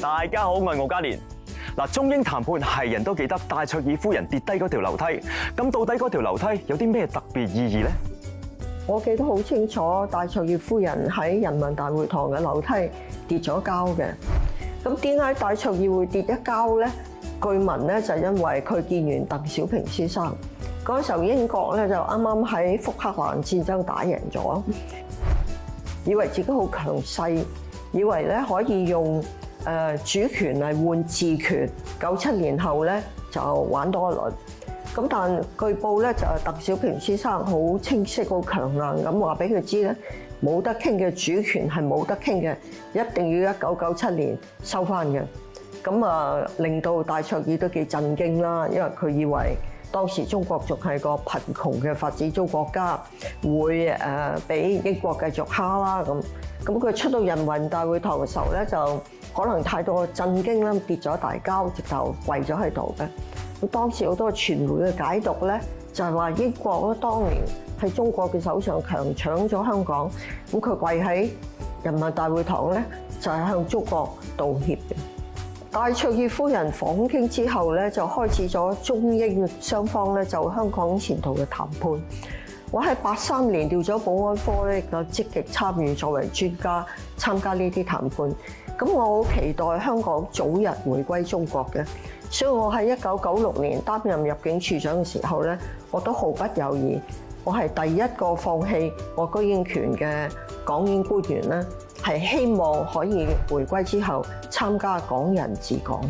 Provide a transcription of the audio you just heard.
大家好，我係敖嘉年。嗱，中英談判係人都記得戴卓爾夫人跌低嗰條樓梯，咁到底嗰條樓梯有啲咩特別意義咧？我記得好清楚，戴卓爾夫人喺人民大會堂嘅樓梯跌咗跤嘅。咁點解戴卓爾會跌一跤咧？據聞咧就係因為佢見完鄧小平先生，嗰時候英國咧就啱啱喺福克蘭戰爭打贏咗，以為自己好強勢，以為咧可以用。誒主權係換治權，九七年後咧就玩多一輪。咁但據報咧就係鄧小平先生好清晰、好強硬咁話俾佢知咧，冇得傾嘅主權係冇得傾嘅，一定要一九九七年收翻嘅。咁啊令到戴卓爾都幾震驚啦，因為佢以為。當時中國仲係個貧窮嘅發展中國家，會誒俾英國繼續蝦啦咁。咁佢出到人民大會堂嘅時候咧，就可能太多震驚啦，跌咗大跤，直頭跪咗喺度嘅。咁當時好多傳媒嘅解讀咧，就係話英國咧當年喺中國嘅手上強搶咗香港，咁佢跪喺人民大會堂咧，就係向中國道歉嘅。大卓爾夫人訪京之後咧，就開始咗中英雙方咧就香港前途嘅談判。我喺八三年調咗保安科咧，亦都積極參與作為專家參加呢啲談判。咁我好期待香港早日回歸中國嘅。所以我喺一九九六年擔任入境處長嘅時候咧，我都毫不猶豫，我係第一個放棄我居英權嘅港英官員啦。係希望可以回歸之後參加港人治港。